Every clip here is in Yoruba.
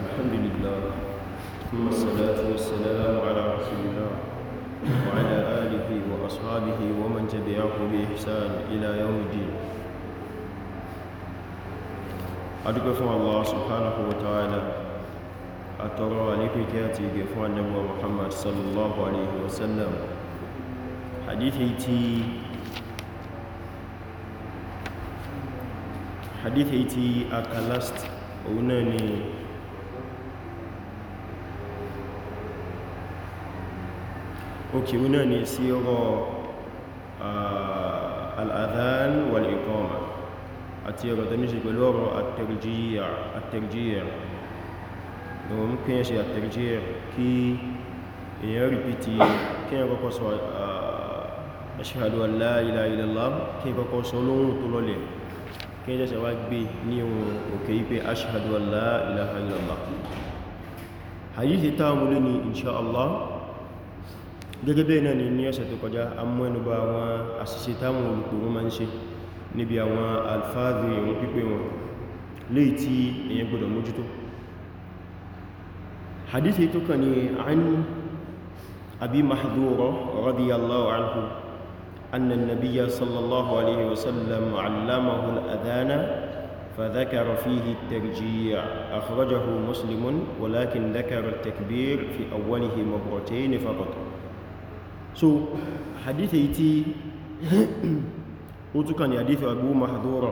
الحمد لله ثم الصلاة والسلام على رسول الله وعلى آله وأصحابه ومن تبعه بإحسان إلى يوم الدين أدقفوا الله سبحانه وتعالى أترى لفكاتي قفوا النبو محمد صلى الله عليه وسلم حديثي تي حديثي تي أكالاست أولاني اوكي هنا نسيغ الاذان والاقامه اتيغ دنيش بلور الترجيع الترجيع ممكن يشي الترجيع كي يربتي كي يقصوا اشهد ان لا اله الا الله كي يقصوا لون طلولي كي يجي واجبي نيو وكي اشهد ان لا اله الا الله هاي تامليني ان شاء الله gẹ́gẹ́ bẹ́ẹ̀ náà ni ní ọ̀sẹ̀ tó kọjá amú ẹnubá àwọn àṣìṣe táwọn olùpò wọn ma ń ṣe níbi àwọn alfáàdì ìwọ̀n pípẹ́ wọn léè tí èyàn gbọdọ̀ mójútó hadithi tó kàn ní an abi mahdura radiyallahu anhu anna nabiyya sallallahu alaihi wasallam allamahu al'adana فذكر فيه الترجيع أخرجه مسلم ولكن ذكر التكبير في أوله مرتين فقط so hadith èyí tí ó túnkà ní hadith Abu Mahdhura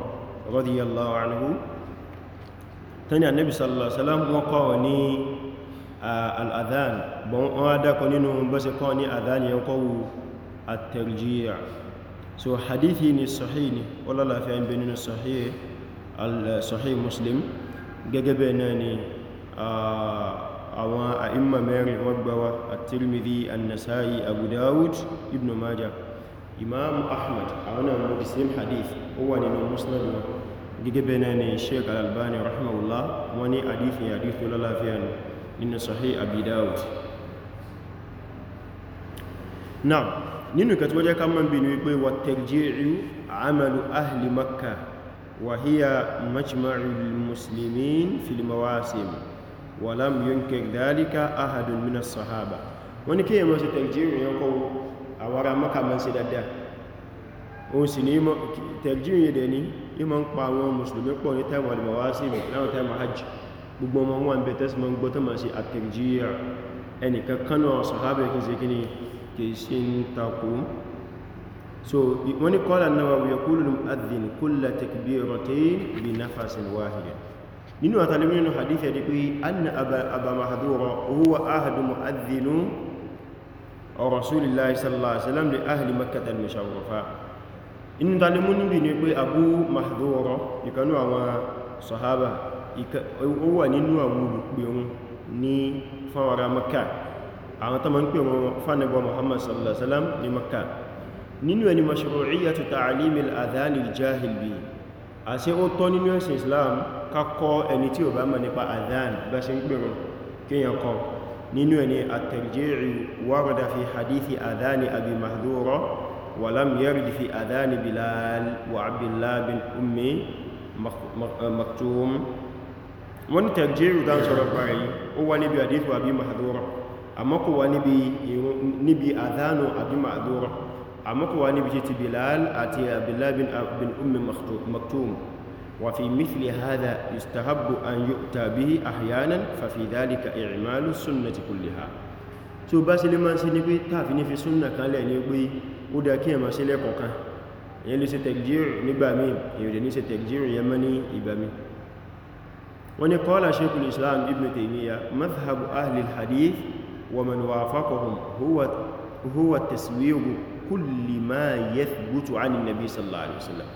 radiyallahu anhu tani annabi sallallahu alaihi wasallam wọ́n kọ́ ní al-adhan bọ́n wọ́n dákọ nínú bọ́sẹ̀ kọ́ ní adhan yẹn kọ́wù at-tarjih so hadith ni sahih ni ọlọ́láfẹ́ ń bẹ nínú sahih al-sahih muslim gẹ́gẹ́ bẹ́ẹ̀ náà àwọn àìmà mẹ́rin wọ́n gbawa at-Tirmidhi an-Nasa'i Abu Dawud ibn Majah Imam Ahmad àwọn àwọn the same hadith ó wà nínú Musnad wọn gẹ́gẹ́ bẹ́ẹ̀ náà ni Sheikh Al-Albani rahimahullah wọ́n ní hadith ni hadith tó lálàáfíà ni nínú Sahih Abi Dawud náà nínú ìkàtí wọ́n jẹ́ ká mọ́ bí ní wà tarji'u amalu ahli Makkah wa hiya majma'ul muslimin fil mawasim walam yunkir dhalika ahadun min as-sahaba wọ́n kí èmọ́ sí tẹ̀jírù yẹn kọ́ àwárá mọ́kàmọ́ sí dáadáa o sì ní tẹ̀jírù yẹn dẹ̀ ní ìmọ̀ ń pa àwọn mùsùlùmí pọ̀ ní tẹ́mọ̀ al-mawasim láwọn tẹ́mọ̀ hajj gbogbo ọmọ wọn bẹ̀ tẹ́sìmọ̀ gbọ́tọ̀ ma sí sí kíní kì í sí nínú àtàlẹ́mìnà hadith ẹ̀dẹ̀ pé anna Aba Mahdura huwa ahadu mu'adhdhinu Rasulillahi sallallahu alaihi wasallam li ahli Makkah al-musharrafa inú tàlẹ́mù níbi ni pé Abu Mahdura ìkanú àwọn sahaba ó wà nínú àwọn olùpẹ̀ wọn ní fáwara Makkah àwọn tó ma ń pè wọn fánàbọ̀ Muhammad sallallahu alaihi wasallam ní Makkah nínú ẹni mashru'iyyatu ta'limil adhan lil jahil bi àṣẹ ó tọ́ nínú ẹ̀sìn Islam kakọ́ ẹni tí ò bá mọ̀ nípa adhan bá ṣe ń pèrún kíyàn kọ́ nínú àtẹ̀jẹ̀rì at-tarji'u fi hadithi adhani abi mahdura wa lam yarid fi adhani bilal wa abdullah bin ummi àti abdullah bin ummi maktum وفي مثل هذا يستحب أن يؤتى به أحيانا ففي ذلك إعمال السنة كلها تو بس لما سنقي تافني في سنة قال لي بي ودا كي ما سلي قوكا يلي ستجير نبامي يلي ستجير يمني إبامي وني قال شيخ الإسلام ابن تيمية مذهب أهل الحديث ومن وافقهم هو هو التسويق كل ما يثبت عن النبي صلى الله عليه وسلم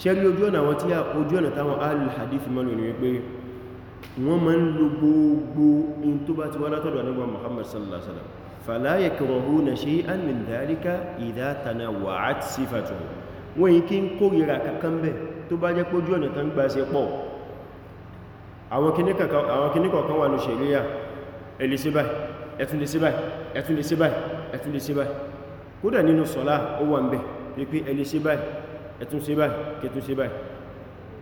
ṣe rí ojú ọ̀nà àwọn tí a ojú ọ̀nà táwọn al-hadith mọ́lù ní wípé wọ́n ma ń lo gbogbo in tó bá ti wá látọ̀dọ̀ anábọ̀ Muhammad sallallahu alaihi wasallam fala yakrahuna shay'an min dhalika idha tanawwa'at sifatuhu wọ́n yí kí ń kórìíra kankan bẹ̀ ní ẹ̀tún sí báyìí kẹtún sí báyìí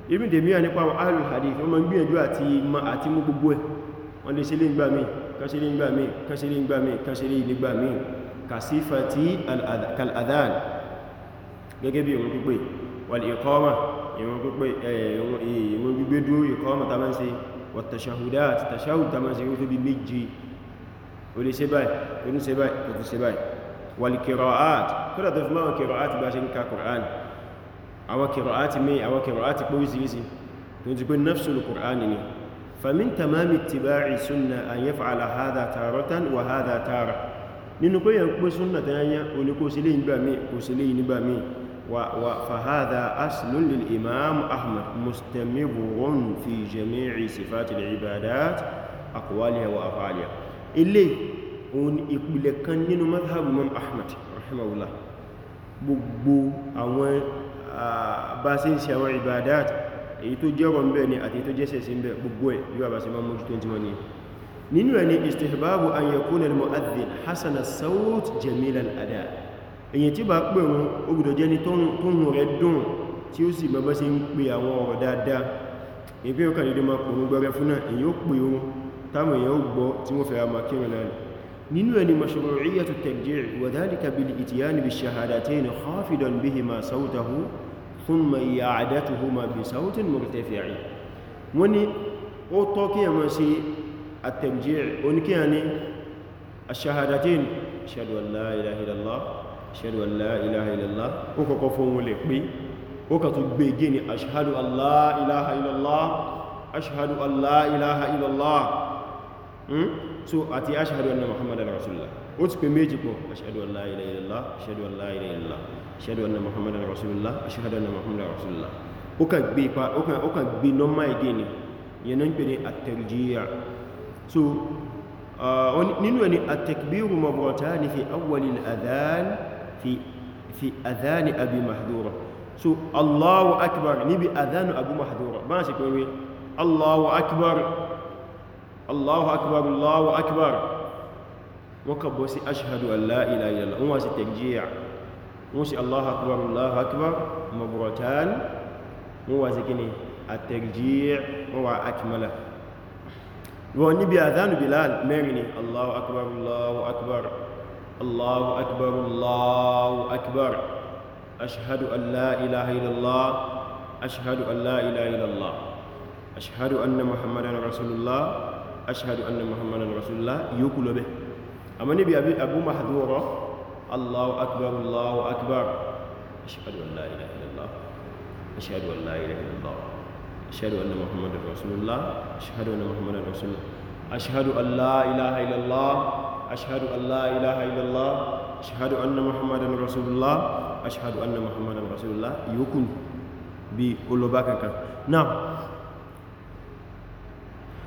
Ibn Taymiyyah nípa àwọn ahlul hadith wọ́n ma ń gbìyànjú àti ma àti mú gbogbo ẹ̀ wọ́n lè ṣe lè gbà kàṣe lè gbà míì kàṣe lè gbà kàṣe lè gbà míì kàṣífàtí kàl'adán gẹ́gẹ́ bí ìrun pípé wal iqama tó bí wal qira'at kódà tó fi máa wọn bá ṣe ń ka kùránì àwọn kìrọ̀átì mí àwọn kìrọ̀átì pé wíṣíwíṣí tó nafsu al-Qur'ani ni famin tamami tiba'i sunna an yaf'ala hadha taratan wa hadha tara nínú pé yẹn pé sunna ta yanya oní kò sílé ba mí kò sílé ba mí wa fa hadha aslun lil imam ahmad mustamirun fi jami'i sifati al-ibadat aqwaliha wa af'aliha ilé òun ikule kan nínú madhhab imam ahmad rahimahullah gbogbo àwọn bá sí ìṣẹ́ àwọn ibadat èyí tó jẹ́ ọ̀rọ̀ mbẹ̀ ni àti tó jẹ́sẹ̀ sí mbẹ̀ gbogbo ẹ̀ yíwa bá sí máa mọ́jú tó ń tí wọ́n ni nínú ẹ̀ ni istihbabu an yakuna al-mu'adhdhin hasan as-sawt jamil al-ada èyàn tí bá pè wọn ó gbọ́dọ̀ jẹ́ ni tóhùn rẹ̀ dùn tí ó sì mọ́ sí ń pè àwọn ọ̀rọ̀ dáadáa ìpín ọkà nídé máa pòrún ننوي مشروعية الترجيع وذلك بالإتيان بالشهادتين خافضا بهما صوته ثم إعادتهما بصوت مرتفع وني أوتوكي مسي ونكي يعني الشهادتين أشهد أن لا إله إلا الله أشهد أن لا إله إلا الله وكفون لقبي وكتبيجيني أشهد أن لا إله إلا الله أشهد أن لا إله إلا الله so àti ashhadu anna muhammadan rasulullah ó ti pè méjì pọ̀ ashhadu an la ilaha illallah ashhadu an la ilaha illallah ashhadu anna muhammadan rasulullah ashhadu anna muhammadan rasulullah ó kàn gbé ipa ó kàn gbé nọ́mà ìdí ni yẹn náà ń pè ní at-tarjiya so ninu ni ẹni at-takbiru marratani fi awwal al-adhan fi fi adhan abi mahdura so allahu akbar ni bi adhan abu mahdura bá ń ṣe pé wí allahu akbar الله أكبر الله أكبر وكبوسي أشهد أن لا إله إلا الله وما تنجيع موسي الله أكبر الله أكبر مبروتان مو زكني الترجيع هو أكمله ونبي أذان بلال مرني الله أكبر الله أكبر الله أكبر الله أكبر أشهد أن لا إله إلا الله أشهد أن لا إله إلا الله أشهد أن محمدا رسول الله ashhadu anna muhammadan rasulullah yókù lọ bẹ́ àmọ́ níbi abu mahdura allahu akbar allahu akbar ashhadu an la ilaha illallah ashhadu an la ilaha illallah ashhadu anna muhammadan rasulullah ashhadu anna muhammadan rasulullah ashhadu an la ilaha illallah ashhadu an la ilaha illallah ashhadu anna muhammadan rasulullah ashhadu anna muhammadan rasulullah yókù bí olóbá kankan náà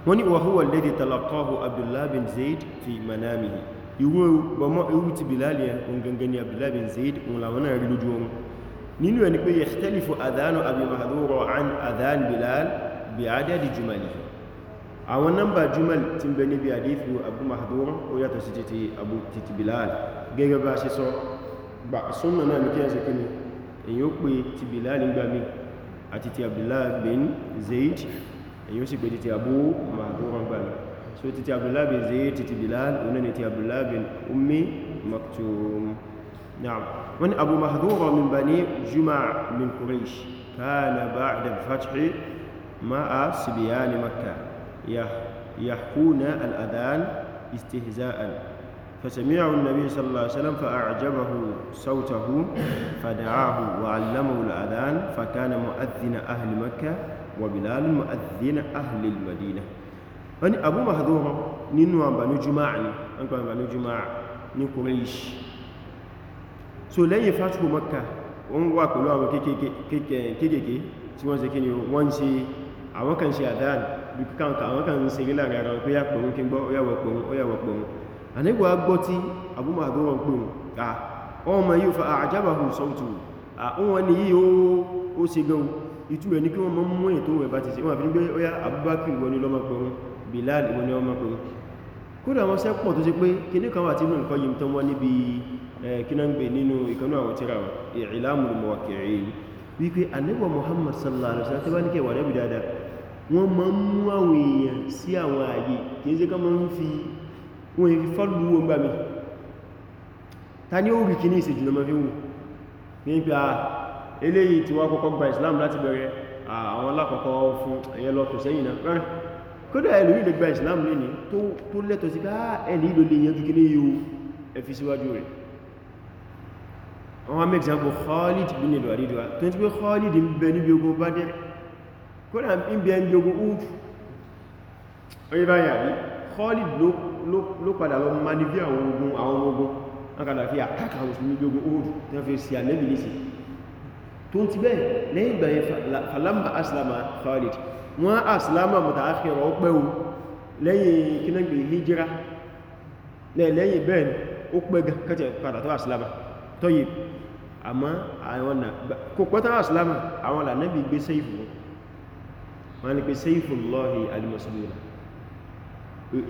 wọ́n ní wàhúwà lèdè talakahu abdullahi bin zaid fi manamihi ìwé bọ̀mọ́ ìwú ti bilal yẹn ohun gangan ni abdullahi bin zaid ohun làwọn náà rí lójú ohun nínú ẹni pé yakhtalifu adhanu abi mahdhura an adhan bilal bi adadi jumalihi àwọn nọ́mbà jumal ti bẹ níbi àdífù abu mahdhura ó yàtọ̀ sí títí abu títí bilal gẹ́gẹ́ bá ṣe sọ gbà súnmọ̀ náà ní kí ẹ ṣe kí ni èyí ó pé ti bilal ń gbà mí àti ti abdullahi bin zaid يوسف sì gbé títí Abu Ma'thur gbàmí so títí Abdullah bin Zayd títí Bilal oní ni ti Abdullah bin Ummi Maktum نعم من أبو مهذور من بني جمع من قريش كان بعد الفتح مع سبيان مكة يحكون الأذان استهزاء فسمعه النبي صلى الله عليه وسلم فأعجبه صوته فدعاه وعلمه الأذان فكان مؤذن أهل مكة wa bilal mu'adhdhin ahli al-madina ani abu mahdhura nínú abanu jumaa ni an ko abanu jumaa ni quraish so lẹ́yìn fatu makka wọ́n wà pẹ̀lú àwọn kekeke kekeke tí ó yá ah, ah, gan ìtú rẹ̀ ní kí wọ́n mọ́ mú ètò rẹ̀ bá ti sí wọ́n fi ní gbé ọya Abubakar ìwọ ni lọ́mọ pẹ̀rún Bilal ìwọ ni ọmọ pẹ̀rún kódà wọ́n sẹ́ pọ̀ tó ṣe pé kíní kan wà tí mú nǹkan tán wọ́n Muhammad sallallahu alaihi wasallam tí wọ́n ní kẹwàá nẹ́bì dáadáa wọ́n máa ń mú àwọn èèyàn sí àwọn ààyè ni ó rí eléyìí tí wọ́n kọ́kọ́ gba islam láti bẹ̀rẹ̀ àwọn alákọ̀ọ́kọ́ fún ẹ̀yẹ lọ tó sẹ́yìn náà rẹ̀ kódà ẹlòmí lè gba islam lẹ́ni tó lẹ́tọ̀ sí bá ẹni ìlò lè yanjú kíní yóò ẹfi síwájú rẹ̀ wọ́n mẹ́ta gbọ́ Khalid bin al-Walid wa tó ti pé Khalid ń bẹ níbi ogun Badr kódà ń bẹ níbi ogun Uhud orí báyà rí Khalid ló padà lọ manivé àwọn ogun àwọn ogun wọn kàdà fi àkàkà òsùn níbi ogun Uhud tó fi sí àlẹ́bìlì sí tó ti bẹ́ lẹ́yìn ìgbà yẹn falama aslama khalid wọ́n aslama mutaakhir ó pẹ́ o lẹ́yìn kínàgbé hijira lẹ́yìn bẹ́ẹ̀ ó pẹ́ kẹtẹ̀ padà tó aslama tọ́yì àmọ́ àwọn nà kò pẹ́tà aslama àwọn lànàbí gbé sẹ́yìfù wọn ni pé sẹ́yìfù lọ́hì alimasulula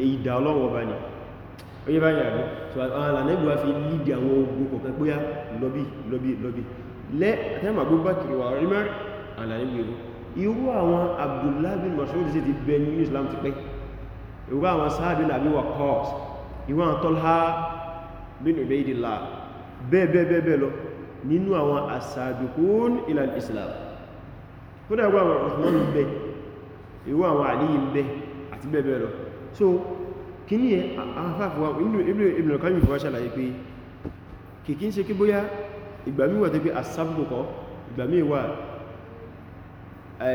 èyí dà ọlọ́wọ́ bá ní báyìí àwọn lànàbí wá fi lídì àwọn ogun kọ̀ọ̀kan pé lọ́bí lọ́bí lọ́bí lẹ́tẹ́mà Abubakar wà Umar àlàní gbèrú irú àwọn Abdullah bin Mas'ud sí ti bẹ ní Islam ti pẹ́ irú àwọn Sa'd bin Abi Waqqas irú àwọn Talha bin Ubaydillah bẹ́ẹ̀bẹ́ẹ̀bẹ́ẹ̀ lọ nínú àwọn as-sabiqun ila al-Islam tó dẹ̀ irú àwọn Uthman ń bẹ irú àwọn Ali ń bẹ àti bẹ́ẹ̀bẹ́ẹ̀ lọ so kí ní ẹ̀ afáfíwá Ibn al-Qayyim fọwọ́ ṣàlàyé pé kìkí ń kí bóyá ìgbàmí wà tó gbé asábùkọ́ ìgbàmí wà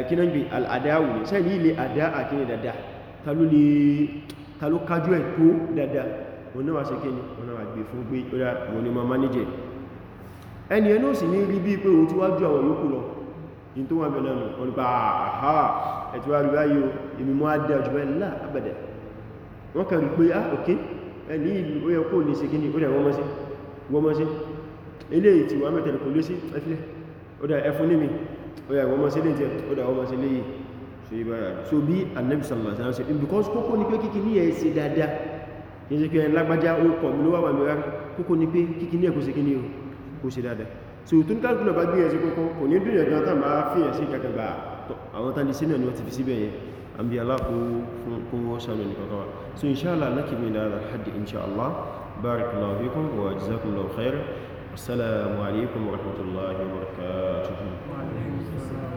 kínan gbé al'adáwù ní sẹ́yìn ní ilé àdá àkíní dada ta ló kájú ẹ̀ tó dada wọn náà ṣe kíni wọn náà gbé fún pé ó dá wọn ni ma manager ẹni ẹni ó sì ní rí bí pé òun tí wájú àwọn yòókù lọ in tó wà bẹ̀rẹ̀ nù wọn ok ẹni ìlú ó yẹ kó ní ṣe kíni ilé ìtì wà mẹ́tẹ̀lẹ̀ kò lé sí ẹfilẹ̀ ọdá ẹfún ní mi ọdá ìwọ̀n máa sí lè jẹ́ ọdá ọmọ sí lè yìí so ibá yà so bí annabi sallallahu alaihi wasallam because kókó ni pé kíkí ní ẹ̀ sí dáadáa kí ṣe pé lágbájá ó kọ̀ mi ló wà wà mí rárá kókó ni pé kíkí ní ẹ̀kọ́ sí kí ní o kó ṣe dáadáa so tó ní kálùkù náà bá gbé ẹ̀ sí kókó wa jazakumullahu khairan والسلام عليكم ورحمة الله وبركاته